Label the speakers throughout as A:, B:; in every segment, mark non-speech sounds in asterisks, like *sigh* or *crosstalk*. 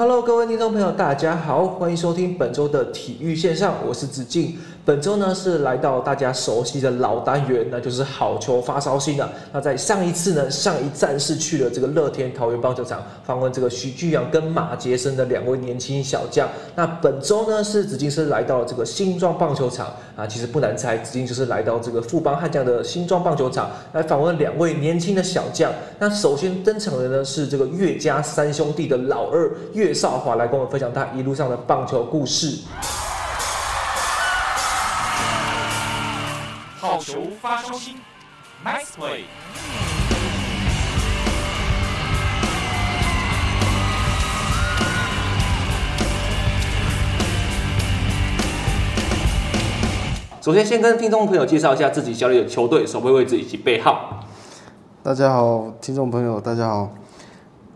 A: Hello，各位聽眾朋友，大家好，歡迎收聽本周的體育線上，我是子敬。本周呢是來到大家熟悉的老單元，那就是好球發燒星了，啊。那在上一次呢，上一站是去了這個樂天桃園棒球場訪問這個徐巨陽跟馬杰森的兩位年輕小將。那本周呢是子敬是來到了這個新莊棒球場啊，其實不難猜，子敬就是來到這個富邦悍將的新莊棒球場來訪問兩位年輕的小將。那首先登場的呢是這個岳家三兄弟的老二岳。岳少華來跟我們分享他一路上的棒球故事。好球，發燒星，Nice play 首先，先跟聽眾朋友介紹一下自己效力的球隊、守備位置以及背號。
B: 大家好，聽眾朋友，大家好，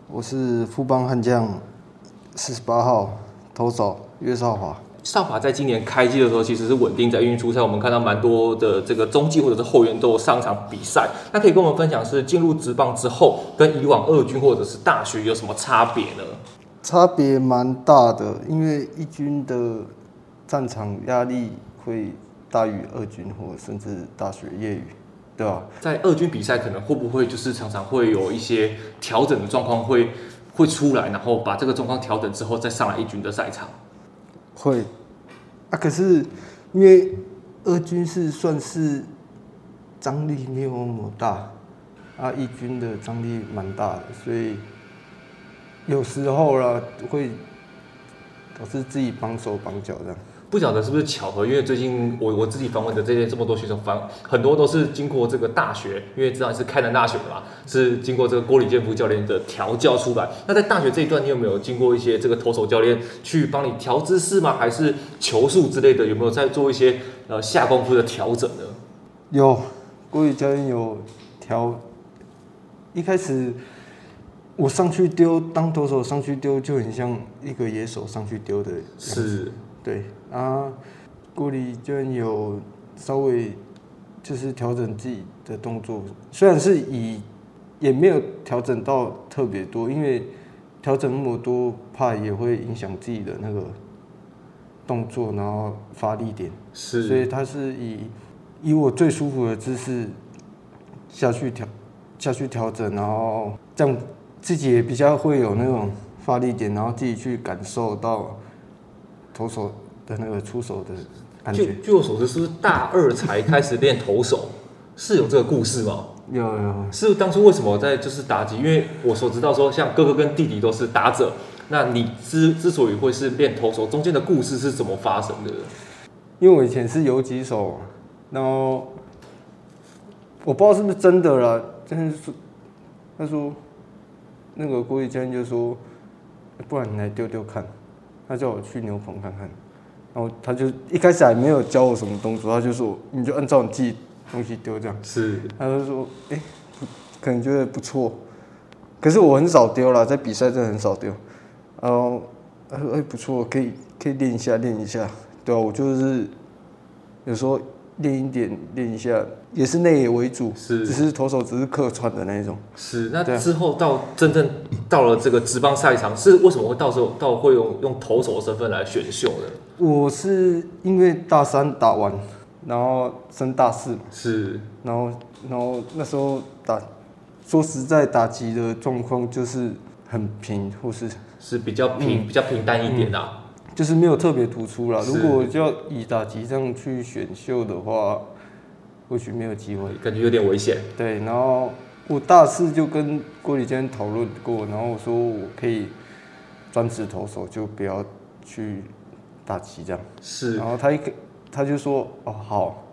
B: 我是富邦悍將。四十八號投手岳少華，
A: 少華在今年開季的時候其實是穩定在一軍出賽，我們看到蠻多的這個中繼或者是後援都有上場比賽。那可以跟我們分享，是進入職棒之後，跟以往二軍或者是大學有什麼差別呢？
B: 差別蠻大的，因為一軍的戰場壓力會大於二軍，或者甚至大學業餘，對吧、啊？
A: 在二軍比賽可能會不會就是常常會有一些調整的狀況會會出來，然後把這個狀況調整之後再上來一軍的賽場。
B: 會，啊，可是，因為二軍是算是張力沒有那麼大，啊，一軍的張力蠻大的，所以有時候啦會導致自己綁手綁腳的。
A: 不曉得是不是巧合，因為最近我我自己訪問的這些這麼多學生反很多都是經過這個大學，因為知道你是開南大學的嘛，是經過這個郭李建夫教練的調教出來。那在大學這一段，你有沒有經過一些這個投手教練去幫你調姿勢嗎？還是球速之類的？有沒有在做一些呃下功夫的調整呢？
B: 有，郭李教練有調。一開始我上去丟當投手上去丟就很像一個野手上去丟的。是。對啊，郭李就有稍微就是調整自己的動作，雖然是以也沒有調整到特別多，因為調整那麼多怕也會影響自己的那個動作，然後發力點。是。所以他是以以我最舒服的姿勢下去調下去調整，然後這樣自己也比較會有那種發力點，然後自己去感受到。投手的那個出手的感覺。據我所知，是不是大二才開始練投手？ *laughs*
A: 是有這個故事嗎？有有。有是當初為什麼我在就是打擊？因為我所知道說，像哥哥跟弟弟都
B: 是打者，
A: 那你之之所以會是練投手，中間的故事是怎麼發生的？
B: 因為我以前是游擊手，然後我不知道是不是真的啦，但是他說那個郭李建夫就說，不然你來丟丟看。他叫我去牛棚看看，然後他就一開始還沒有教我什麼動作，他就說你就按照你自己東西丟這樣。是，他就說哎，感覺不錯，可是我很少丟啦，在比賽真的很少丟，然後他說哎不錯，可以可以練一下練一下，對啊，我就是有時候。練一點，練一下，也是內野為主，是，只是投手只是客串的那一種。
A: 是，那之後到真正到了這個職棒賽場，是為什麼會到時候到時候會用用投手的身份來選秀的？
B: 我是因為大三打完，然後升大四嘛。是，然後然後那時候打，說實在打擊的狀況就是很平，或是是比較平，嗯、比較平淡一點的、啊。就是沒有特別突出啦，是如果就要以打擊這樣去選秀的話，或許沒有機會，感覺有點危險。對，然後我大四就跟郭李建夫討論過，然後我說我可以專職投手，就不要去打擊這樣。是，然後他一個他就說哦好，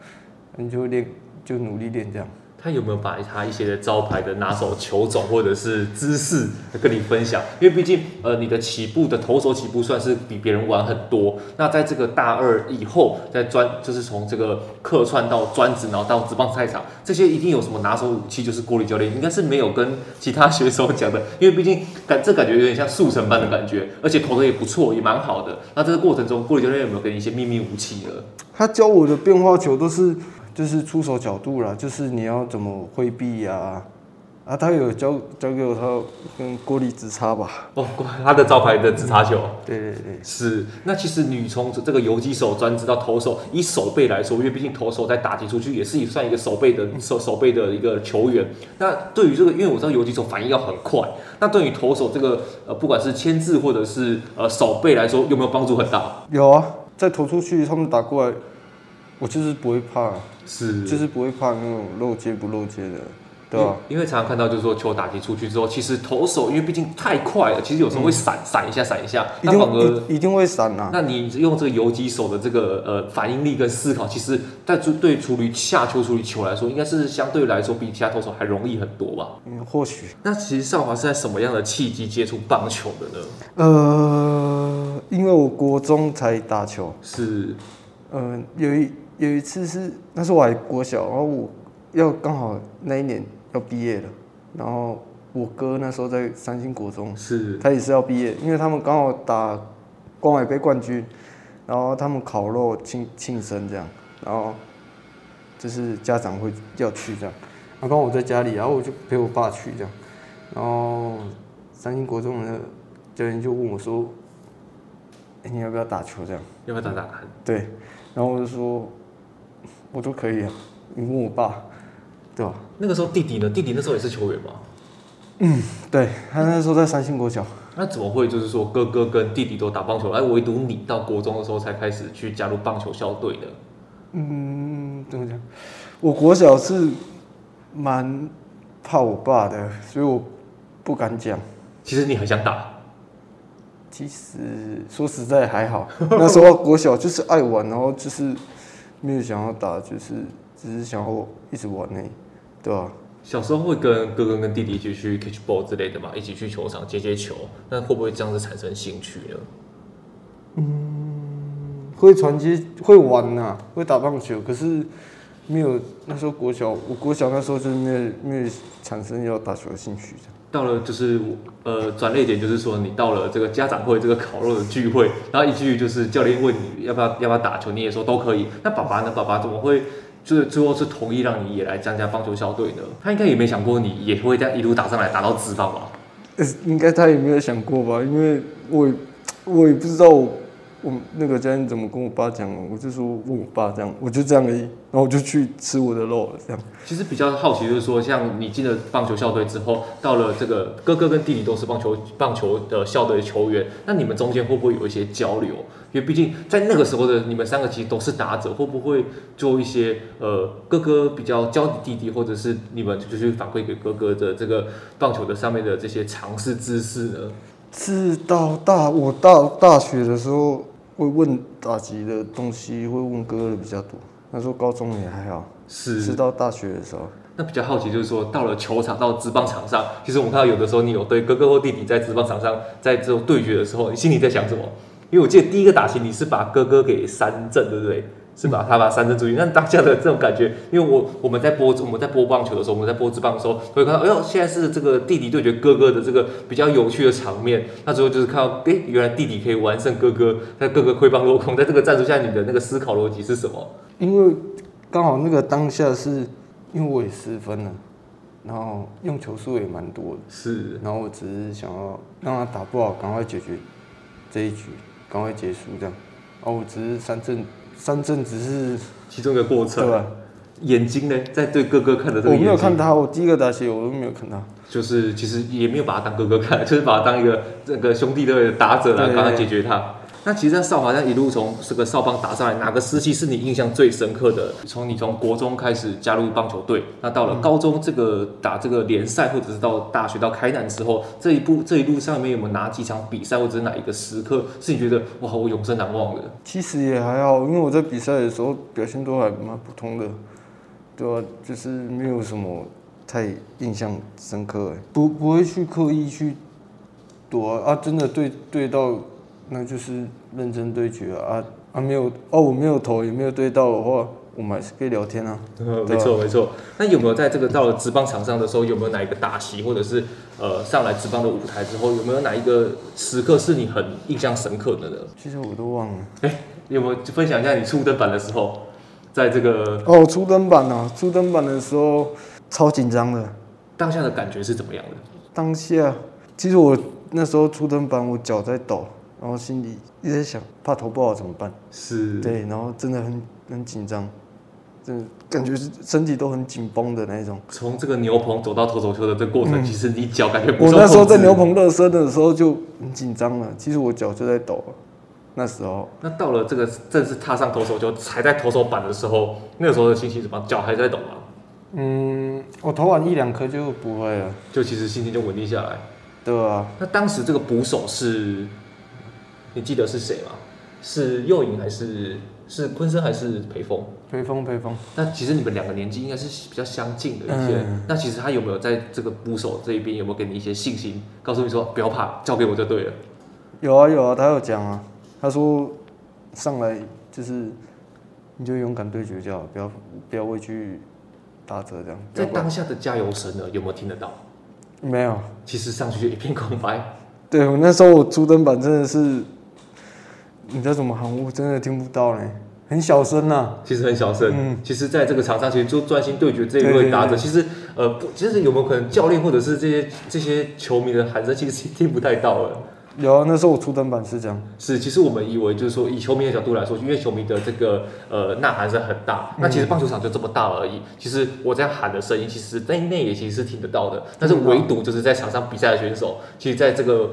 B: 你就練就努力練這樣。
A: 他有沒有把他一些的招牌的拿手球種或者是姿勢跟你分享？因為畢竟，呃，你的起步的投手起步算是比別人晚很多。那在這個大二以後，在專就是從這個客串到專職，然後到職棒賽場，這些一定有什麼拿手武器？就是郭李教練應該是沒有跟其他學生講的，因為畢竟感這感覺有點像速成班的感覺，而且投的也不錯，也蠻好的。那這個過程中，郭李教練有沒有給你一些秘密武器呢？
B: 他教我的變化球都是。就是出手角度啦，就是你要怎麼揮臂呀？啊他交交，他有教教給我他跟郭李指叉吧？哦，他的招牌的指叉球。嗯。
A: 對對對，是。那其實你從這個游擊手專職到投手，以守備來說，因為畢竟投手在打擊出去，也是算一個守備的守守備的一個球員。那對於這個，因為我知道游擊手反應要很快，那對於投手這個呃，不管是牽制或者是呃守備來說，有沒有幫助很大？
B: 有啊，再投出去他們打過來，我就是不會怕。是，就是不會怕那種漏接不漏接的，對、啊、
A: 因為常常看到就是說球打擊出去之後，其實投手因為畢竟太快了，其實有時候會閃閃、嗯、一下，閃一下，那反而
B: 一定會閃啊。那
A: 你用這個游擊手的這個呃反應力跟思考，其實，在處對處理下球處理球來說，應該是相對來說比其他投手還容易很多吧？嗯，或許。那其實少華是在什麼樣的契機
B: 接觸棒球的呢？呃，因為我國中才打球，是，呃，有一。有一次是，那時候我還國小，然後我要剛好那一年要畢業了，然後我哥那時候在三星國中，是，他也是要畢業，因為他們剛好打光海杯冠軍，然後他們烤肉慶慶生這樣，然後就是家長會要去這樣，然後剛好我在家裡，然後我就陪我爸去這樣，然後三星國中的教練就問我說、欸，你要不要打球這樣？要不要打打？對，然後我就說。我都可以啊，你問我爸，對吧？
A: 那個時候弟弟呢？弟弟那時候也是球員嗎？嗯，
B: 對，他那時候在三星國小。
A: 那怎麼會就是說哥哥跟弟弟都打棒球，哎、啊，唯獨你到國中的時候才開始去加入棒球校隊的？嗯，
B: 怎麼講？我國小是蠻怕我爸的，所以我不敢講。其實你很想打，其實說實在還好，那時候國小就是愛玩，然後就是。沒有想要打，就是只是想要一直玩呢，對吧？
A: 小時候會跟哥哥跟弟弟一起去 catch ball 之類的嘛，一起去球場接接球，那會不會這樣子產生興趣呢？嗯，
B: 會傳接，會玩啊，會打棒球，可是沒有，那時候國小，我國小那時候就是沒有沒有產生要打球的興趣的。
A: 到了就是呃，轉捩點，就是說你到了這個家長會、這個烤肉的聚會，然後一句就是教練問你要不要要不要打球，你也說都可以。那爸爸呢？爸爸怎麼會就是最後是同意讓你也來參加棒球小隊呢？他應該也沒想過你也會在一路打上來，打到職棒吧？
B: 應該他也沒有想過吧？因為我也我也不知道我。我那個今天怎麼跟我爸講？我就說問我，我爸這樣，我就這樣而已。然後我就去吃我的肉了。這樣其實
A: 比較好奇，就是說，像你進了棒球校隊之後，到了這個哥哥跟弟弟都是棒球棒球的校隊球員，那你們中間會不會有一些交流？因為畢竟在那個時候的你們三個其實都是打者，會不會做一些呃哥哥比較教你弟、弟弟，或者是你們就去反饋給哥哥的這個棒球的上面的這些常識知識
B: 呢？是到大我到大、大學的時候。會問打擊的東西，會問哥哥的比較多。那時候高中也還好，是直到大學的時候。
A: 那比較好奇就是說，到了球場到職棒場上，其實我們看到有的時候你有對哥哥或弟弟在職棒場上在這種對決的時候，你心裡在想什麼？因為我記得第一個打擊，你是把哥哥給三振，對不對？ *laughs* 是吧，他把他把三振注意，那當下的這種感覺，因為我我們在播，我們在播棒球的時候，我們在播職棒的時候，會看到，哎呦，現在是這個弟弟對決哥哥的這個比較有趣的場面。那之後就是看到，哎、欸，原來弟弟可以完勝哥哥，在哥哥揮棒落空。在這個戰術下，你的那個思考邏輯是什麼？
B: 因為剛好那個當下是因為我也失分了，然後用球數也蠻多的，是，然後我只是想要讓他打不好，趕快解決這一局，趕快結束這樣。哦，我只是三振。三振只是其中一個過程，對吧。眼睛呢，在對哥哥看
A: 的這個，我沒有看
B: 他，我第一個打席我都沒有看他，
A: 就是其實也沒有把他當哥哥看，就是把他當一個這個兄弟的打者了，幫他解決他。對對對那其實在少華，像一路從這個少棒打上來，哪個時期是你印象最深刻的？從你從國中開始加入棒球隊，那到了高中這個打這個聯賽，或者是到大學到開南之後，這一步這一路上面有沒有哪幾場比賽，或者是哪一個時刻，是你覺得哇，我永生難忘的？
B: 其實也還好，因為我在比賽的時候表現都還蠻普通的，對吧、啊？就是沒有什麼太印象深刻的，不不會去刻意去躲啊，真的對對到。那就是認真對決啊啊啊！啊沒有哦，啊、我沒有投，也沒有對到的話，我們還是可以聊天啊。嗯、吧沒錯沒錯。那有沒
A: 有在這個到了職棒場上的時候，有沒有哪一個打席，或者是呃上來職棒的舞台之後，有沒有哪一個時刻是你很印象深刻的呢？
B: 其實我都忘了。哎、欸，
A: 有沒有分享一下你初登板的時候，在這個
B: 哦初登板呢、啊？初登板的時候超緊張的，
A: 當下的感覺是怎麼樣的？
B: 當下，其實我那時候初登板，我腳在抖。然後心裡一直在想，怕投不好怎麼辦？是對，然後真的很很緊張，真的感覺是身體都很緊繃的那種。
A: 從這個牛棚走到投手丘的這個過程，嗯、其實你腳感覺不？我那時候在牛
B: 棚熱身的時候就很緊張了，其實我腳就在抖。那時候。
A: 那到了這個正式踏上投手丘，踩在投手板的時候，那個時候的心情怎麼？腳還在抖嗎？嗯，
B: 我投完一兩顆就不會了，
A: 就其實心情就穩定下來。對啊。那當時這個捕手是？你記得是誰嗎？是幼影還是是坤生還是裴峰？裴峰，裴峰。那其實你們兩個年紀應該是比較相近的一些。嗯，那其實他有沒有在這個捕手這一邊有沒有給你一些信心，告訴你說不要怕，交給我就對了？
B: 有啊有啊，他有講啊。他說上來就是你就勇敢對決就好，不要不要畏懼打者這樣。
A: 在當下的加油聲呢，有沒有聽得到？
B: 沒有。其實上去
A: 就一片空白。
B: 對，我那時候我初登板真的是。你在怎麼喊我？真的聽不到嘞，很小聲吶、
A: 啊。其實很小聲。嗯，其實在這個場上，其實就專心對決這一位打者。對對對對。其實，呃，不，其實有沒有可能教練或者是這些這些球迷的喊聲，其實聽不太到了。
B: 有、啊，那時候我初登板是這樣。
A: 是，其實我們以為就是說，以球迷的角度來說，因為球迷的這個呃吶喊是很大，那其實棒球場就這麼大而已。嗯、其實我在喊的聲音，其實那那也其實是聽得到的。但是唯獨就是在場上比賽的選手，嗯啊、其實在這個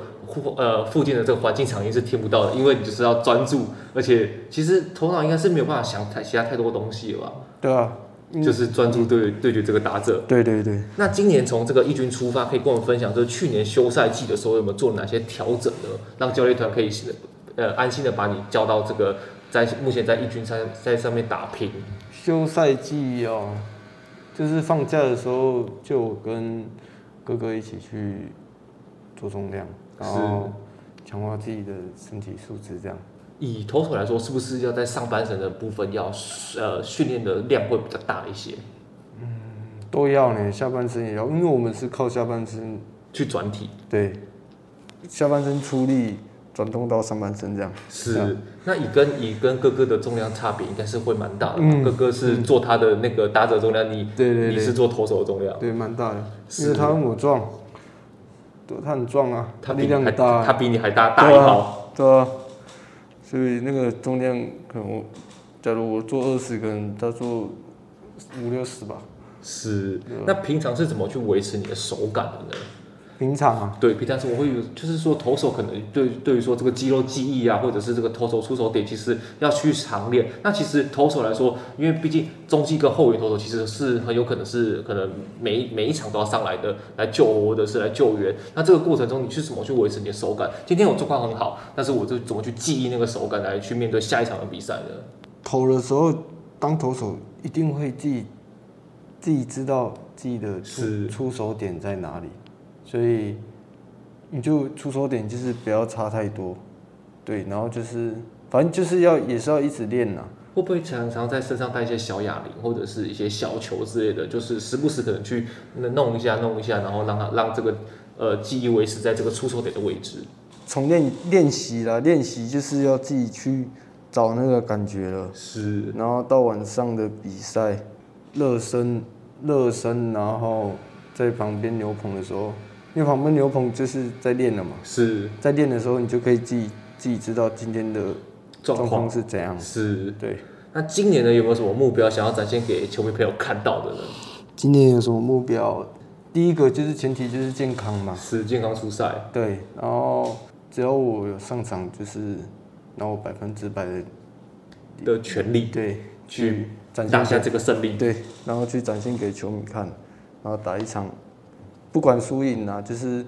A: 呃附近的這個環境，場也是聽不到的，因為你就是要專注，而且其實頭腦應該是沒有辦法想太其他太多東西了吧？
B: 對啊。嗯、就
A: 是專注對對決這個打
B: 者，嗯、對對對。那
A: 今年從這個一軍出發，可以跟我們分享，就是去年休賽季的時候有沒有做哪些調整呢？讓教練團可以呃安心的把你叫到這個在目前在一軍上在上面打拼。
B: 休賽季哦、啊，就是放假的時候就跟哥哥一起去做重量，然後強化自己的身體素質這樣。以投手來說，是不是要在
A: 上半身的部分要呃訓練的量會比較大一些？嗯，
B: 都要呢，下半身也要，因為我們是靠下半身去轉體，對，下半身出力轉動到上半身這樣。是，樣那
A: 你跟你跟哥哥的重量差別應該是會蠻大的，的，嗯。哥哥是做他的那個打者重量，你對，對，對你是做投手的重量的，
B: 對，蠻大的。因為他跟我壯，的他很壯啊，他比你還力量很大，啊，他比你還大，大一號，啊。對啊所以那個重量，可能我，假如我做二十根，他做五六十吧。是，對吧。那平常是怎麼去維持你的手感的呢？平常啊，對平常是我會有，就是
A: 說投手可能對對於說這個肌肉記憶啊，或者是這個投手出手點，其實要去常練。那其實投手來說，因為畢竟中繼跟後援投手，其實是很有可能是可能每每一場都要上來的，來救我或者是來救援。那這個過程中你去什，你是怎麼去維持你的手感？今天我狀況很好，但是我就怎麼去記憶那個手感，來去面對下一場的比賽呢？
B: 投的時候，當投手一定會記。自己知道自己的出是出手點在哪裡。所以，你就出手點就是不要差太多，對，然後就是反正就是要也是要一直練吶、
A: 啊。會不會常
B: 常在身上帶一些小啞鈴或者是一些小球之類的，就是時不
A: 時可能去弄一下弄一下，然後讓它讓這個呃記憶維持在這個出手點的位
B: 置。從練練習啦，練習就是要自己去找那個感覺了。是。然後到晚上的比賽，熱身熱身，然後在旁邊牛棚的時候。因為旁邊牛棚就是在練了嘛，是，在練的時候你就可以自己自己知道今天的狀況是怎樣？是，對。
A: 那今年呢，有沒有什麼目標想要展現給球迷朋友看到的呢？
B: 今年有什麼目標？第一個就是前提就是健康嘛，是，是健康出賽，對。然後只要我有上場，就是拿我百分之百的的全力，對，去拿下這個勝利，對，然後去展現給球迷看，然後打一場，不管輸贏啊，就是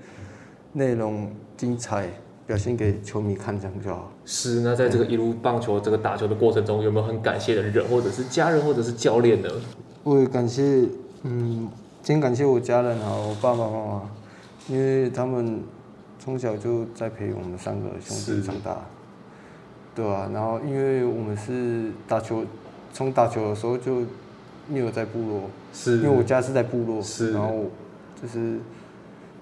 B: 內容精彩，表現給球迷看這樣就好。是那在這個一
A: 路棒球這個打球的過程中，有沒有很感謝的人，或者是家人，或者是教練呢？
B: 我也感謝，嗯，先感謝我家人啊，然後我爸爸媽媽，因為他們從小就在陪我們三個兄弟長大，是對啊，然後因為我們是打球，從打球的時候就，沒有在部落，是因為我家是在部落，是然後。就是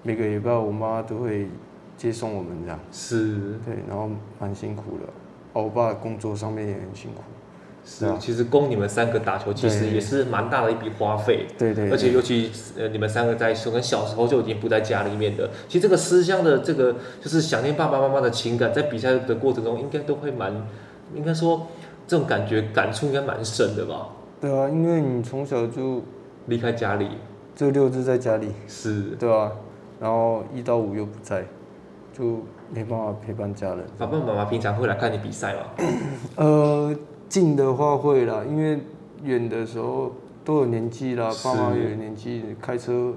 B: 每個禮拜我媽都會接送我們這樣，是，對，然後蠻辛苦的，我爸工作上面也很辛苦，是，是嗎？其實供你們三個打球，其實也是蠻
A: 大的一筆花費，對對，對，而且尤其呃你們三個在說，跟小時候就已經不在家裡面的，其實這個思鄉的這個就是想念爸爸媽媽的情感，在比賽的過程中應該都會蠻，應該都會蠻，應該說這種感覺感觸應該蠻深的吧？
B: 對啊，因為你從小就離開家裡。這六日在家裡是，對啊，然後一到五又不在，就沒辦法陪伴家人。爸爸媽媽平
A: 常會來看你比賽嗎？
B: 呃，近的話會啦，因為遠的時候都有年紀啦，是爸媽也有年紀，開車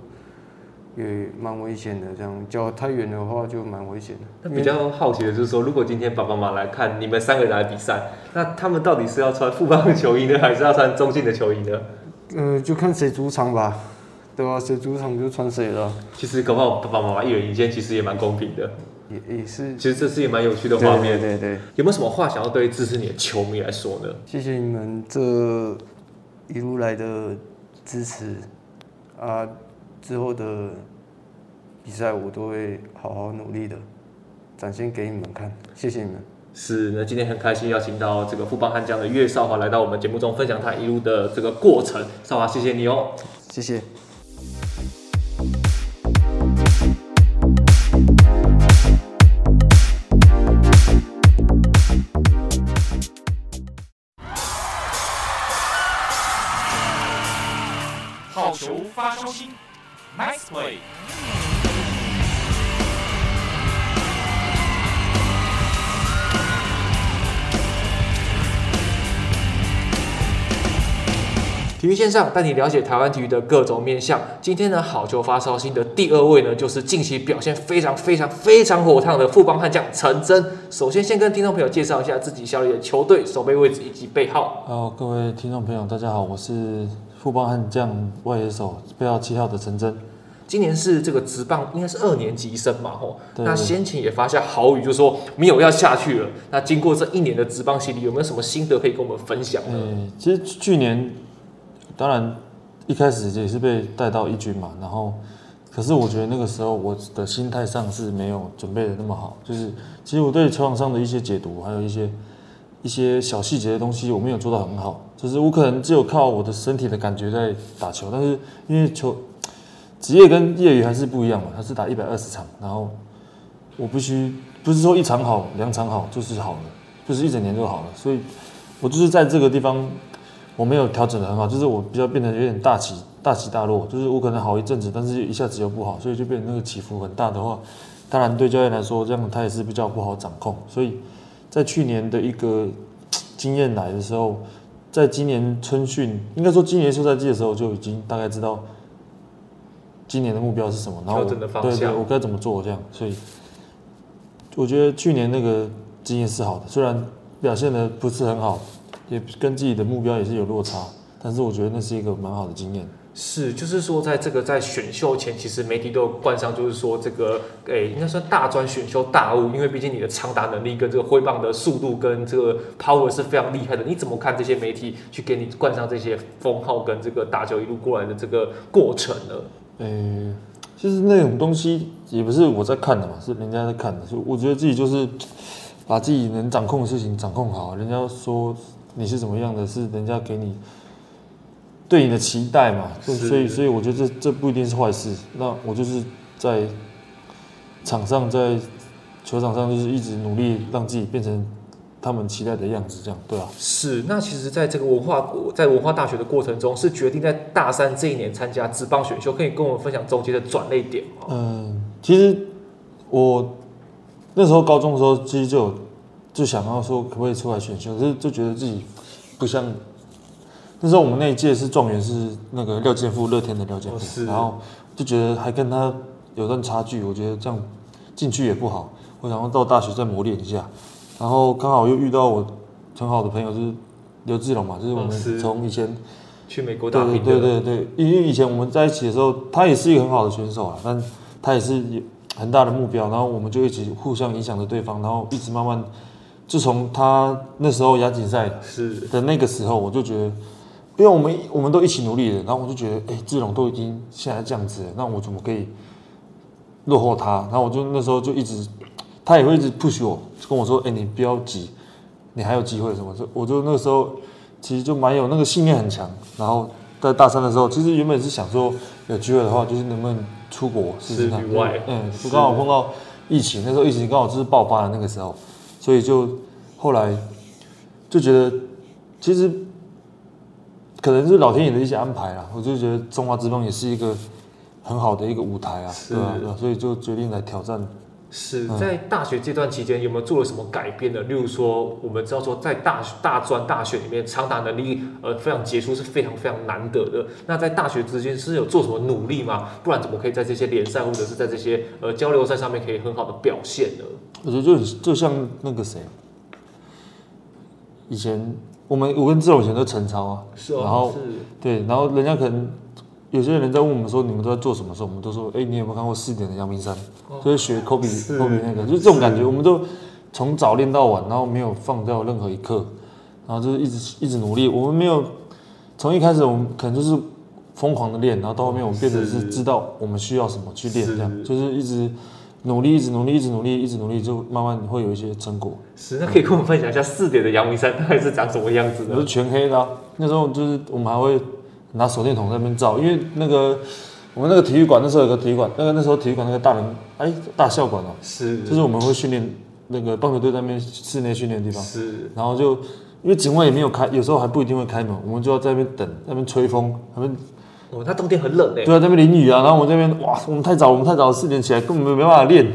B: 也蠻危險的，這樣叫太遠的話就蠻危險的。那比較好奇的就是說，為如果今天爸爸媽媽來看你們三個人來比賽，那他們到底
A: 是要穿富邦的球衣呢， *laughs* 還是要穿中信的球衣呢？
B: 呃，就看誰主場吧。對啊，誰主場就穿誰的、啊、
A: 其實，剛好爸爸媽媽一人一件，其實也蠻公平的。也也
B: 是。其實這次也蠻有趣的畫面。對對，對對。
A: 有沒有什麼話想要對支持你的球迷來說呢？
B: 謝謝你們這一路來的支持啊！之後的比賽我都會好好努力的，展現給你們看。謝謝你們。
A: 是，那今天很開心邀請到這個富邦悍將的岳少華來到我們節目中，分享他一路的這個過程。少華，謝謝你哦、喔。謝謝。這樣帶你了解台灣體育的各種面向。今天呢，好球發燒星的第二位呢，就是近期表現非常非常非常火燙的富邦悍將陳真。首先，先跟聽眾朋友介紹一下自己效力的球隊、守備位置以及背號。
C: 好，各位聽眾朋友，大家好，我是富邦悍將外野手背號七號的陳真。
A: 今年是這個職棒應該是二年級生嘛，吼對。那先前也發下豪語就是，就說沒有要下去了。那經過這一年的職棒洗禮，有沒有什麼心得可以跟我們
C: 分享呢？欸、其實去年。當然，一開始也是被帶到一軍嘛，然後，可是我覺得那個時候我的心態上是沒有準備的那麼好，就是其實我對球場上的一些解讀，還有一些一些小細節的東西，我沒有做到很好，就是我可能只有靠我的身體的感覺在打球，但是因為球職業跟業餘還是不一樣嘛，他是打一百二十場，然後我必須不是說一場好、兩場好就是好了，就是一整年就好了，所以，我就是在這個地方。我沒有調整得很好，就是我比較變得有點大起大起大落，就是我可能好一陣子，但是就一下子又不好，所以就變成那個起伏很大的話，當然對教練來說，這樣他也是比較不好掌控。所以，在去年的一個經驗來的時候，在今年春訓，應該說今年休賽季的時候，就已經大概知道今年的目標是什麼，然後我，調整的方向。對，對對，我該怎麼做我這樣。所以，我覺得去年那個經驗是好的，雖然表現得不是很好。也跟自己的目標也是有落差，但是我覺得那是一個蠻好的經驗。
A: 是，就是說，在這個在選秀前，其實媒體都有冠上，就是說這個誒，應該算大專選秀大物，因為畢竟你的長打能力跟這個揮棒的速度跟這個 power 是非常厲害的。你怎麼看這些媒體去給你冠上這些封號，跟這個打球一路過來的這個過程
C: 呢？誒、欸，其實那種東西也不是我在看的嘛，是人家在看的。所以我覺得自己就是把自己能掌控的事情掌控好，人家說。你是怎麼樣的？是人家給你對你的期待嘛？是所以，所以我覺得這這不一定是壞事。那我就是在場上，在球場上就是一直努力讓自己變成他們期待的樣子，這樣對吧？啊？
A: 是。那其實，在這個文化在文化大學的過程中，是決定在大三這一年參加職棒選秀，可以跟我們分享中間的轉捩點
C: 嗎？嗯，其實我那時候高中的時候，其實就，有。就想要說，可不可以出來選秀？就就覺得自己不像。那時候我們那一屆是狀元，是那個廖健富，樂天的廖健富。哦、然後就覺得還跟他有段差距，我覺得這樣進去也不好。我想要到大學再磨練一下，然後剛好又遇到我很好的朋友，就是劉志龍嘛，就是我們從以前、哦、去美國打比賽。對對對，因為以前我們在一起的時候，他也是一個很好的選手啊，但他也是有很大的目標。然後我們就一起互相影響着對方，然後一直慢慢。自從他那時候亞錦賽是的那個時候，的我就覺得，因為我們我們都一起努力的，然後我就覺得，哎、欸，志龍都已經現在這樣子，了，那我怎麼可以落後他？然後我就那時候就一直，他也會一直 push 我，就跟我說，哎、欸，你不要急，你還有機會什麼？我就那時候其實就蠻有那個信念很強。然後在大三的時候，其實原本是想說有機會的話，就是能不能出國試試看。是嗯，是的就剛好碰到疫情，那時候疫情剛好就是爆發的那個時候。所以就後來就覺得，其實可能是老天爺的一些安排啦。我就覺得中華職棒也是一個很好的一個舞台啊，是 對啊對啊，所以就決定來挑戰。是在
A: 大學階段期間有沒有做了什麼改變的？嗯、例如說，我們知道說在大學大專大學裡面，長打能力呃非常傑出是非常非常難得的。那在大學之間是有做什麼努力嗎？不然怎麼可以在這些聯賽或者是在這些呃交流賽上面可以很好的表現呢？
C: 我覺得就就像那個誰，以前我們我跟志勇以前都陳超啊，是哦，對，然後人家可能。有些人在問我們說：“你們都在做什麼？”時候，我們都說：“哎、欸，你有沒有看過四點的陽明山？哦、就學科比,是學科比，科比那個，就是這種感覺。是我們都從早練到晚，然後沒有放掉任何一刻，然後就是一直一直努力。是我們沒有從一開始，我們可能就是瘋狂的練，然後到後面我們變得是知道我們需要什麼去練，這樣是就是一直,一直努力，一直努力，一直努力，一直努力，就慢慢會有一些成果。是那可以跟我們分享一下四點的陽明山大概是長什麼樣子的？是全黑的、啊。那時候就是我們還會。”拿手電筒在那邊照，因為那個我們那個體育館那時候有個體育館，那個那時候體育館那個大禮哎大校館哦、啊，是就是我們會訓練那個棒球隊在那邊室內訓練的地方是，然後就因為警衛也沒有開，有時候還不一定會開門，我們就要在那邊等在那邊吹風，邊哦、他邊
A: 哦那冬天很冷哎、欸，對啊那
C: 邊淋雨啊，然後我們在那邊哇我們太早我們太早四點起來根本沒辦法練，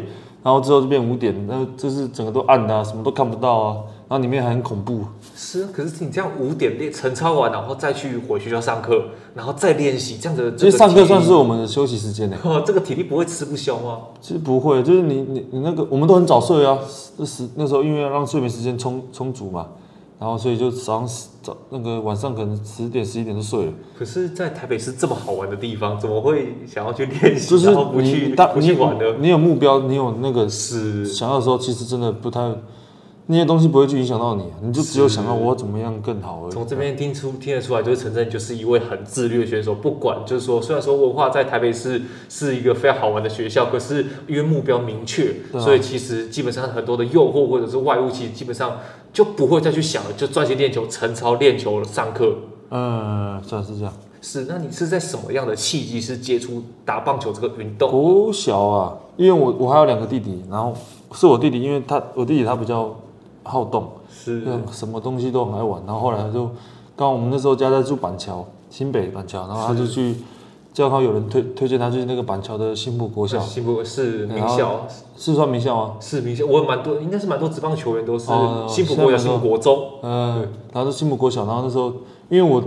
C: 然後之後這邊五點那就是整個都暗啊，什麼都看不到啊。那裡面還很恐怖。
A: 是啊，可是你這樣五點練晨操完，然後再去回學校上課，然後再練習，這樣子。所以上課算是我
C: 們的休息時間呢。哦，
A: 這個體力不會吃不消嗎？
C: 其實不會，就是你你你那個，我們都很早睡啊，那時那時候因為要讓睡眠時間充充足嘛，然後所以就早上早那個晚上可能十點十一點就睡了。
A: 可是，在台北是這麼好玩的地方，怎麼會想要去練習，就是然後不去不去玩
C: 呢？你有目標，你有那個是想要的時候，其實真的不太。那些東西不會去影響到你，你就只有想到我怎麼樣更好而已。從
A: 這邊聽出聽得出來，就是陳真就是一位很自律的選手。不管就是說，雖然說文化在台北市是一個非常好玩的學校，可是因為目標明確，啊、所以其實基本上很多的誘惑或者是外物，其實基本上就不會再去想了，就專心練球、晨操、練球、上課。
C: 嗯，算是這樣。
A: 是，那你是在什麼樣的契機是接
C: 觸打棒球這個運動？國小啊，因為我我還有兩個弟弟，然後是我弟弟，因為他我弟弟他比較。好動，是，什麼東西都很愛玩。然後後來他就，剛、嗯、我們那時候家在住板橋，新北板橋，然後他就去是叫他有人推推薦他去那個板橋的新埔國小。嗯、新
A: 埔是名校，
C: 是算名校嗎？是名
A: 校，我有蠻多應該是蠻多職棒球員都是、哦、新埔國小、新埔國
C: 中。嗯對然後是新埔國小，然後那時候因為我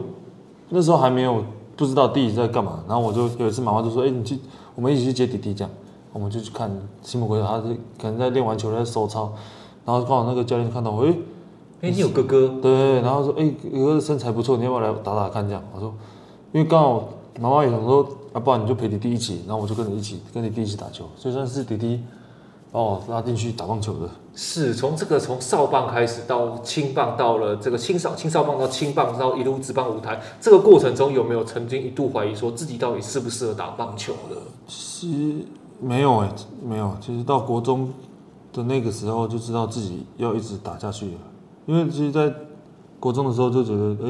C: 那時候還沒有不知道弟弟在幹嘛，然後我就有一次媽媽就說：“哎、欸，你去我們一起去接弟弟，這樣我們就去看新埔國小，他就可能在練完球在收操。然後剛好那個教練看到我，哎、欸欸，你有哥哥？對，然後說，哎、欸，哥哥身材不錯，你要不要來打打看？這樣，我說，因為剛好媽媽也想說，要、啊、不然你就陪你弟弟一起，然後我就跟你一起，跟你弟一起打球。所以算是弟弟，把我，拉進去打棒球的。
A: 是從這個從少棒開始到青棒，到了這個青少青少棒到青棒，到一路職棒舞台，這個過程中有沒有曾經一度懷疑說自己到底適不適合打
C: 棒球的？是，沒有哎、欸，沒有。其實到國中。的那個時候就知道自己要一直打下去了，因為其實在，國中的時候就覺得，哎，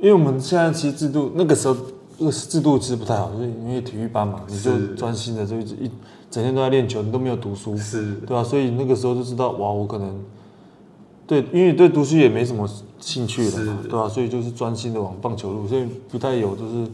C: 因為我們現在其實制度那個時候，那個制度其實不太好，因為體育班嘛，是的 你就專心的就一直一，整天都在練球，你都沒有讀書，是的，對吧，啊？所以那個時候就知道，哇，我可能，對，因為對讀書也沒什麼興趣了嘛，是的 對吧，啊？所以就是專心的往棒球路，所以不太有就是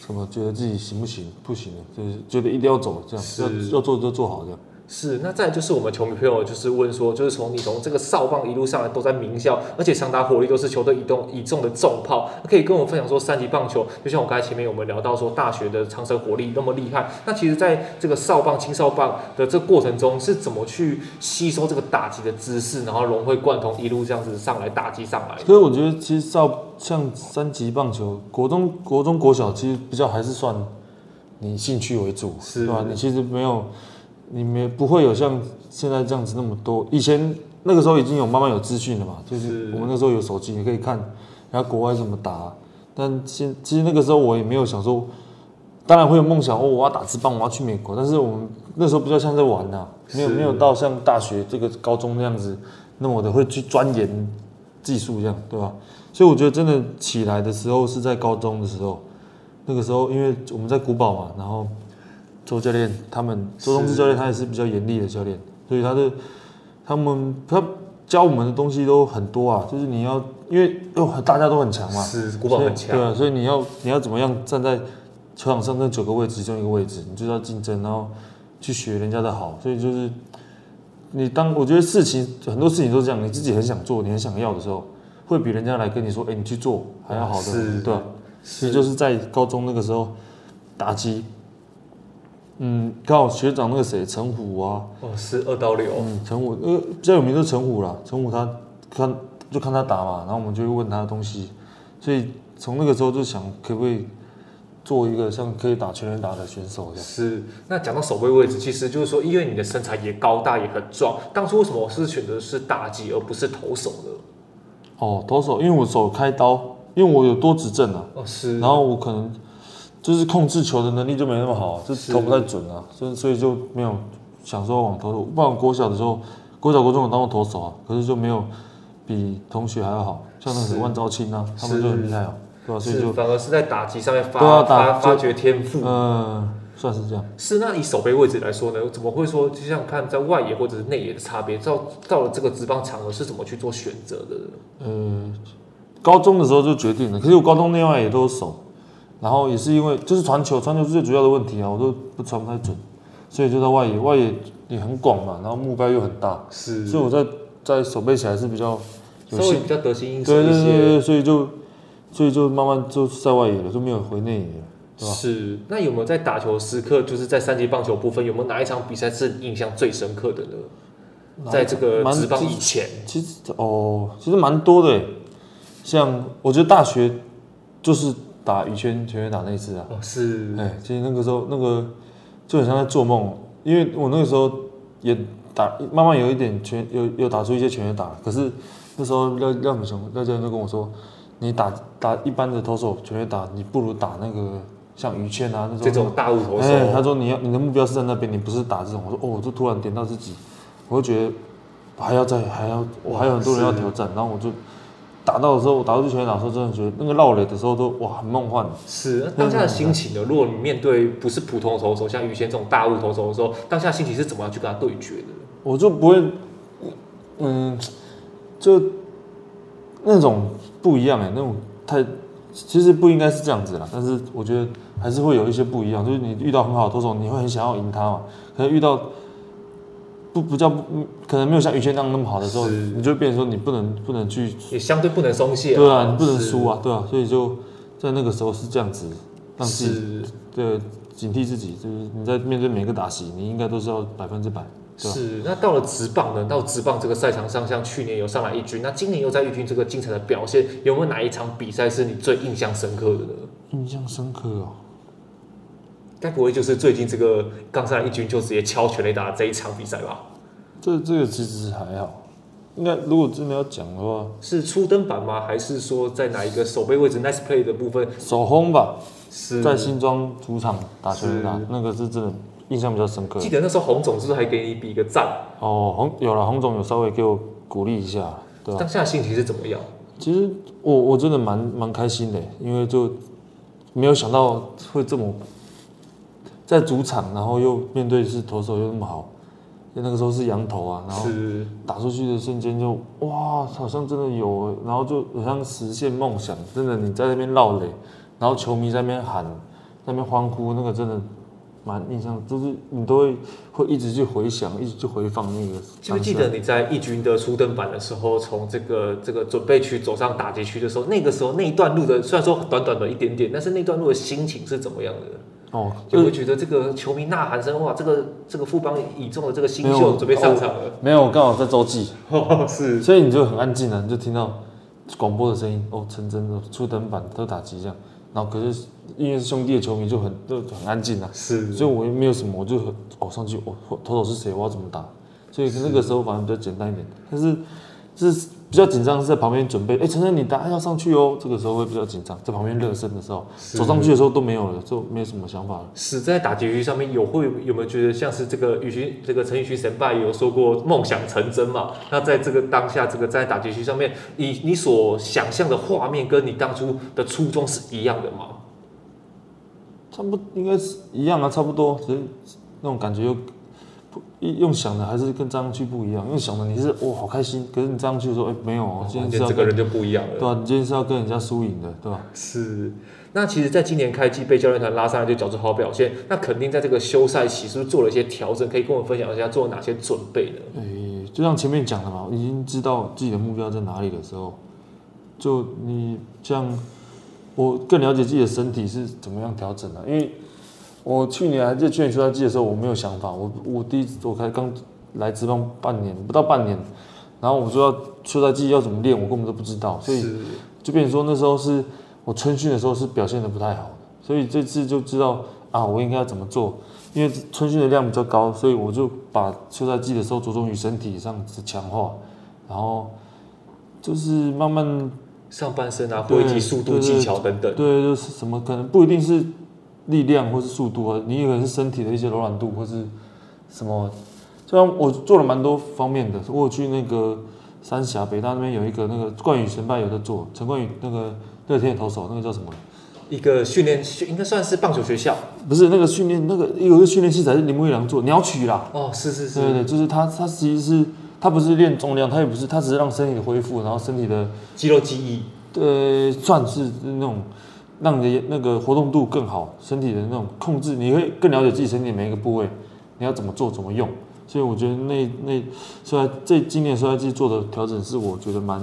C: 什麼覺得自己行不行，不行，的，就是覺得一定要走，這樣是的 要要做就做好這樣。
A: 是，那再就是我們球迷朋友就是問說，就是從你從這個少棒一路上來都在名校，而且強打火力都是球隊一動以重的重炮，可以跟我分享說三級棒球，就像我剛才前面我們聊到說大學的長生火力那麼厲害，那其實在這個少棒青少棒的這過程中是怎麼去吸收這個打擊的知識，然後融會貫通，一路這樣子上來打擊上來。所
C: 以我覺得其實少像三級棒球國中國中國小其實比較還是算以興趣為主，是吧？你其實沒有。你沒不會有像現在這樣子那麼多。以前那個時候已經有慢慢有資訊了嘛，就是我們那時候有手機你可以看，然後國外怎麼打、啊。但其實那個時候我也沒有想說，當然會有夢想，哦，我要打職棒，我要去美國。但是我們那時候比較像在玩吶、啊，沒有沒有到像大學這個高中那樣子，那麼的會去鑽研技術一樣，對吧？所以我覺得真的起來的時候是在高中的時候，那個時候因為我們在古堡嘛，然後。周教練，他們周東志教練，他也是比較嚴厲的教練，是所以他的他們他教我們的東西都很多啊，就是你要因為、呃、大家都很強嘛，是，都很強，對啊，所以你要你要怎麼樣站在球場上那九個位置中一個位置，你就要競爭，然後去學人家的好，所以就是你當我覺得事情很多事情都是這樣，你自己很想做，你很想要的時候，會比人家來跟你說，哎、欸，你去做還要好的，是對、啊，是，是所以就是在高中那個時候打擊嗯，剛好學長那個誰陳虎啊，
A: 哦，是二刀流，嗯，
C: 陳虎呃，比較有名的是陳虎啦，陳虎他看就看他打嘛，然後我們就問他的東西，所以從那個時候就想可不可以做一個像可以打全員打的選手這樣。是，
A: 那講到守備位置，其實就是說因為你的身材也高大也很壯，當初為什麼我是選擇是打擊而不是投手的？
C: 哦，投手，因為我手開刀，因為我有多指正啊，嗯、哦是，然後我可能。就是控制球的能力就沒那麼好，啊，就投不太準啊，是所以所以就沒有想說往投。不然我國小的時候，國小國中我當過投手啊，可是就沒有比同學還要好，像當時萬招青啊，是他們就很厲害哦，對吧？所以就
A: 反而是在打擊上面發對，啊，發發掘天
C: 賦，嗯、呃，算是這樣。
A: 是，那以守備位置來說呢，怎麼會說就像看在外野或者是內野的差別？到到了這個職棒場合是怎麼去做選擇的？嗯、呃，
C: 高中的時候就決定了，可是我高中內外野都有守。然後也是因為就是傳球，傳球是最主要的問題啊，我都不傳不太準，所以就在外野，外野也很廣嘛，然後目標又很大，是，所以我在在守備起來是比較有稍微比較得心應手一些，對，對對對，所以就所以就慢慢就在外野了，就沒有回內野了，是吧？是。那有
A: 沒有在打球時刻，就是在三級棒球部分，有沒有哪一場比賽是你印象最深刻的呢？
C: 哪在這個職棒滿以前，其實哦，其實蠻多的，像我覺得大學就是。打余謙全壘打那一次啊，哦、是，哎、欸，其實那個時候那個，就很像在做夢，因為我那個時候也打，慢慢有一點全，有有打出一些全壘打，可是，那時候廖廖明雄、廖教練跟我說，你打打一般的投手全壘打，你不如打那個像余謙啊那種、這種大物投手。欸，他說，你要你的目標是在那邊，你不是打這種，我說哦，我就突然點到自己，我就覺得還要再還要，我還有很多人要挑戰，是然後我就。打到的時候，我打到最前面打的時候，真的覺得那個繞壘的時候都哇很夢幻。是當下的心
A: 情的。如果你面對不是普通的投手，像宇賢這種大物投手的、的時候，當下心情是怎麼樣去跟他對決的？
C: 我就不會，嗯，就那種不一樣哎、欸，那種太其實不應該是這樣子啦。但是我覺得還是會有一些不一樣。就是你遇到很好的投手，你會很想要贏他嘛？可能遇到。不不叫不，可能沒有像於謙那樣那麼好的時候，是你就變成說你不能不能去，也相對不能鬆懈、啊，對啊，你不能輸啊，是對啊，所以就在那個時候是這樣子，但是，對，警惕自己，就是你在面對每個打席，你應該都是要百分之百。啊、是，那到了
A: 職棒呢？到職棒這個賽場上，像去年有上來一軍，那今年又在一軍這個精彩的表現，有沒有哪一場比賽是你最印象深刻的呢？
C: 印象深刻、哦。
A: 該不會就是最近這個剛上來一軍就直接敲全壘打這一場比賽吧？
C: 這這個其實是還好。那如果真的要講的話，是初登
A: 板嗎？還是說在哪一個守備位置是 Nice play 的部分，
C: 首轟吧。是。在新莊主場打全壘打是那個是真的印象比較深刻。記得那時
A: 候洪總是不是還給你比一個讚？
C: 哦，洪，有了，洪總有稍微給我鼓勵一下。對啊。當下心
A: 情是怎麼樣？
C: 其實我我真的蠻蠻開心的，因為就沒有想到會這麼。在主場，然後又面對是投手又那麼好，那個時候是洋投啊，然後打出去的瞬間就哇，好像真的有、欸，然後就好像實現夢想，真的你在那邊落淚，然後球迷在那邊喊，在那邊歡呼，那個真的蠻印象，就是你都會會一直去回想，一直去回放那個。記不記得你
A: 在一軍的初登板的時候，從這個這個準備區走上打擊區的時候，那個時候那一段路的雖然說短短的一點點，但是那段路的心情是怎麼樣的？
C: 哦，就會覺
A: 得這個球迷吶喊聲，哇，這個這個富邦倚重的這個新秀準備上場
C: 了。哦、我沒有，剛好在洲際、哦，是，所以你就很安靜啊，你就聽到廣播的聲音，哦，陳真的初登板都打擊這樣，然後可是因為兄弟的球迷就很就很安靜啊，是，所以我也沒有什麼，我就很哦上去，哦、我投手是誰，我要怎麼打，所以那個時候反正比較簡單一點，但是、就是。比較緊張是在旁邊準備，哎，陳真，你答案要上去哦、喔。這個時候會比較緊張，在旁邊熱身的時候，是走上去的時候都沒有了，就沒有什麼想法了。
A: 是在打擊區上面有會有沒有覺得像是這個雨蕁，這個陳雨蕁神拜有說過夢想成真嘛？那在這個當下，這個在打擊區上面，你你所想象的畫面跟你當初的初衷是一樣的嗎？
C: 差不多應該是一樣啊，差不多，只是那種感覺又。用想的還是跟站上去不一樣，用想的你是哇，好開心，可是你站上去的時候，哎，沒有哦，關鍵完全 這個人就不一樣了，對、啊、你今天是要跟人家輸贏的，對吧、啊？是。
A: 那其實，在今年開季被教練團拉上來就做好，好表現，那肯定在這個休賽期是不是做了一些調整？可以跟我們分享一下做了哪些準備的？
C: 哎、欸，就像前面講的嘛，我已經知道自己的目標在哪裡的時候，就你這樣，我更了解自己的身體是怎麼樣調整的，因為。我去年還是去年秋賽季的時候，我沒有想法，我我第一次做開，剛來職棒半年，不到半年，然後我說要秋賽季要怎麼練，我根本都不知道，所以是就變成說那時候是我春訓的時候是表現的不太好，所以這次就知道啊，我應該要怎麼做，因為春訓的量比較高，所以我就把秋賽季的時候着重於身體上強化，然後就是慢慢上半身啊，以及速度對對對，技巧等等，對，就是什麼可能不一定是。力量或是速度啊，你可能是身體的一些柔軟度，或是什麼。雖然我做了蠻多方面的。我有去那個三峽、北大那邊有一個那個冠宇神派有在做陳冠宇那個樂天投手，那個叫什麼？一
A: 個訓練，應該算是棒球學校，
C: 不是那個訓練那個有一個訓練器材是林木一良做鳥取啦。哦，
A: 是是是。對，對對，就
C: 是他，他其實是他不是練重量，他也不是，他只是讓身體恢復，然後身體的肌肉記憶。對，算是那種。讓你的那個活動度更好，身體的那種控制，你會更了解自己身體的每一個部位，你要怎麼做，怎麼用。所以我覺得那那雖然這今年摔跤季做的調整是我覺得蠻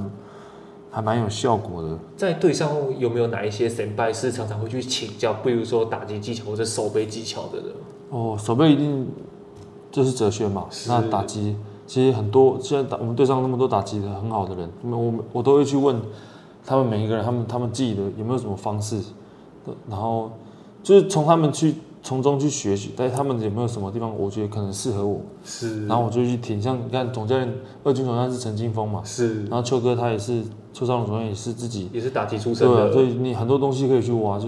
C: 還蠻有效果的。
A: 在隊上有沒有哪一些先輩是常常會去請教，比如說打擊技巧或者守備技巧的人？
C: 哦，守備一定就是哲瑄嘛。是那打擊其實很多，現在打我們隊上那麼多打擊的很好的人，我我都會去問。他們每一個人，他們他們自己的有沒有什麼方式，然後就是從他們去從中去學習，但是他們有沒有什麼地方，我覺得可能適合我，是，然後我就去聽，像你看總教練二軍總教練是陳金鋒嘛，是，然後邱哥他也是邱少龍總教練也是自己也是打擊出身，對、啊，所以你很多東西可以去挖，就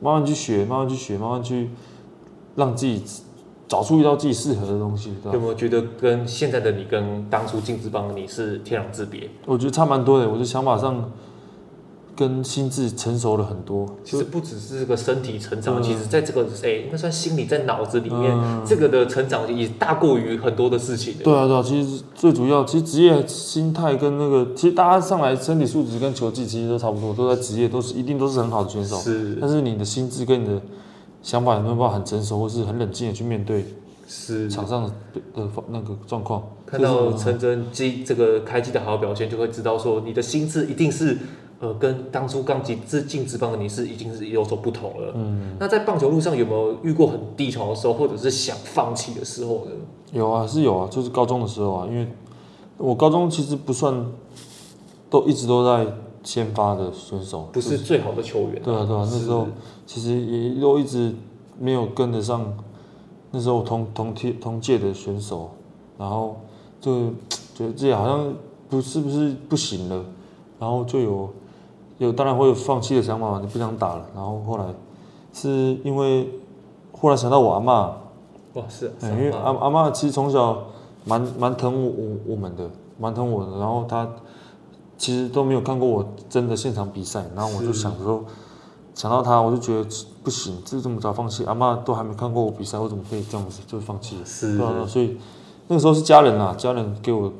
C: 慢慢去學，慢慢去學，慢慢去讓自己找出一道自己適合的東西，對吧？對，我
A: 覺得跟現在的你跟當初進職棒的你是天壤之別，
C: 我覺得差蠻多的，我就想法上，跟心智成熟了很多，其
A: 實不只是這個身體成長，嗯、其實在這個誒，應、欸、該算心理，在腦子裡面、嗯、這個的成長也大過於很多的事情。對啊，
C: 對啊，其實最主要，其實職業心態跟那個，其實大家上來身體素質跟球技其實都差不多，是都在職業都是一定都是很好的選手。是，但是你的心智跟你的想法有沒有辦法很成熟，或是很冷靜的去面對場上的那個狀況？是看到陳
A: 真機這個開機的好，好表現，就會知道說你的心智一定是。呃，跟當初剛進自進職棒的，你是已經是有所不同了。嗯，那在棒球路上有沒有遇過很低潮的時候，或者是想放棄的時候呢？
C: 有啊，是有啊，就是高中的時候啊，因為我高中其實不算都一直都在先發的選手，不是最好的球員。對啊，對啊是，那時候其實也又一直沒有跟得上那時候同同梯同屆的選手，然後就覺得自己好像不是不是不行了，然後就有。有當然會有放棄的想法嘛？就不想打了，然後後來是因為忽然想到我阿嬤，哇是、啊，嗯、因為阿阿嬤其實從小蠻蠻疼我我，我們的，蠻疼我的，然後她其實都沒有看過我真的現場比賽，然後我就想說是想到他，我就覺得不行，就這麼早放棄，阿嬤都還沒看過我比賽，我怎麼可以這樣子就放棄了？是，所以那個時候是家人啊，家人給我。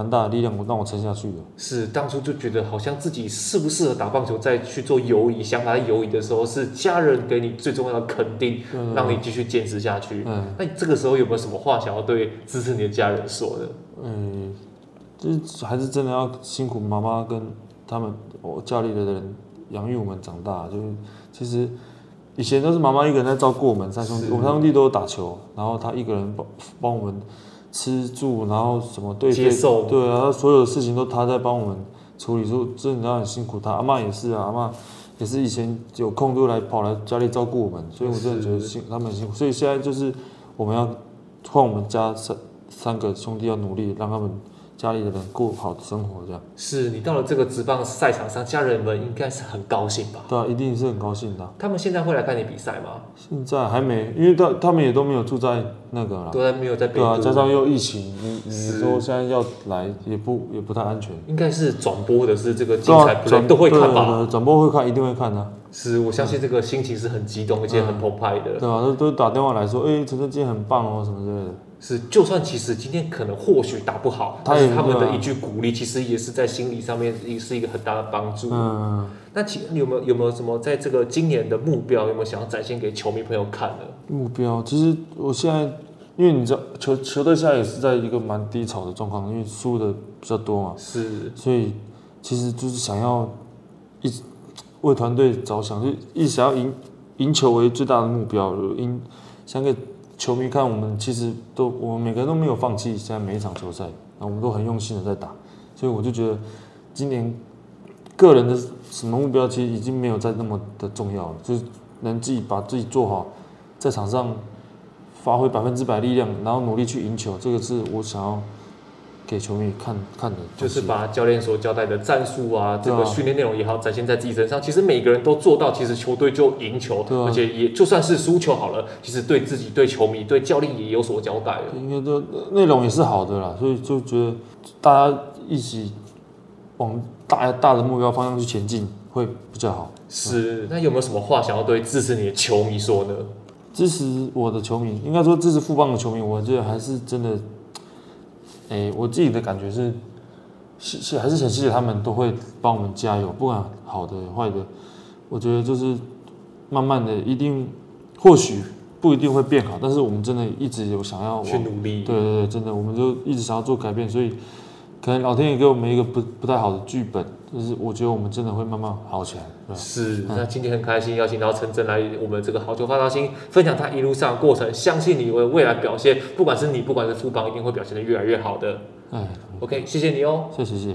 C: 很大的力量，我讓我撐下去了。
A: 是當初就覺得好像自己適不適合打棒球，再去做游移？想打在游移的時候，是家人給你最重要的肯定，嗯，讓你繼續堅持下去。嗯，那你這個時候有沒有什麼話想要對支持你的家人說的？
C: 嗯，就是還是真的要辛苦媽媽跟他們，我家裡的人養育我們長大。就是其實以前都是媽媽一個人在照顧我們，三兄弟，我三兄弟都有打球，然後他一個人幫幫我們吃住，然後什麼對，對接受，對啊，所有的事情都他在幫我們處理，就真的很辛苦他。他阿嬤也是啊，阿嬤也是以前有空都來跑來家裡照顧我們，所以我真的覺得辛，他們很辛苦。所以現在就是我們要換我們家三三個兄弟要努力，讓他們。家裡的人過好生活，這樣。
A: 是，你到了這個職棒賽場上，家人們
C: 應該是很高興吧？對啊，一定是很高興的。
A: 他們現在會來看你比賽嗎？
C: 現在還沒，因為他他們也都沒有住在那個了，都沒有在。對啊，加上又疫情，你你是說現在要來也不也不太安全。應該是轉播的是這個精彩，對啊，不會都會看吧？轉播會看，一定會看的，啊。是，我相信
A: 這個心情是很激動，而且很澎湃的。嗯、對啊，
C: 都都打電話來說，哎、嗯，陳真、欸、今天很棒哦，什麼之類的。是，就算其實今天可能或許
A: 打不好，但是他們的一句鼓勵，其實也是在心理上面也是一個很大的幫助。嗯，那其你有沒有有沒有什麼在這個今年的目標，有沒有想要展現給球迷朋友看的？
C: 目標其實我現在，因為你知道球球隊現在也是在一個蠻低潮的狀況，因為輸的比較多嘛，是，所以其實就是想要一直為團隊着想，就一直想要贏贏球為最大的目標，贏想給。球迷看我們，其實都我們每個人都沒有放棄，現在每一場球賽，然後我們都很用心的在打，所以我就覺得，今年個人的什麼目標其實已經沒有再那麼的重要了，就是能自己把自己做好，在場上發揮百分之百力量，然後努力去贏球，這個是我想要，給球迷看看的，就是，就是把
A: 教練所交代的戰術啊，啊這個訓練內容也好，展現在自己身上。其實每個人都做到，其實球隊就贏球，對啊，而且也就算是輸球好了。其實對自己、對球迷、對教練也有所交代了。應該都
C: 內容也是好的啦，嗯，所以就覺得大家一起往大大的目標方向去前進會比較好。是，
A: 嗯，那有沒有什麼話想要對支持你的球迷說呢？
C: 支持我的球迷，應該說支持富邦的球迷，我覺得還是真的。誒、欸，我自己的感覺是，謝謝，還是很謝謝他們都會幫我們加油，不管好的壞的，我覺得就是慢慢的，一定或許不一定會變好，但是我們真的一直有想要去努力，對對對，真的，我們就一直想要做改變，所以可能老天爺給我們一個不不太好的劇本。就是我覺得我們真的會慢慢好起來，是。嗯、那
A: 今天很開心，邀請到陳真來我們這個好球發燒星分享他一路上的過程，相信你的未來表現，不管是你，不管是富邦一定會表現的越來越好的。哎，OK，謝謝你哦，謝謝
C: 謝。謝謝。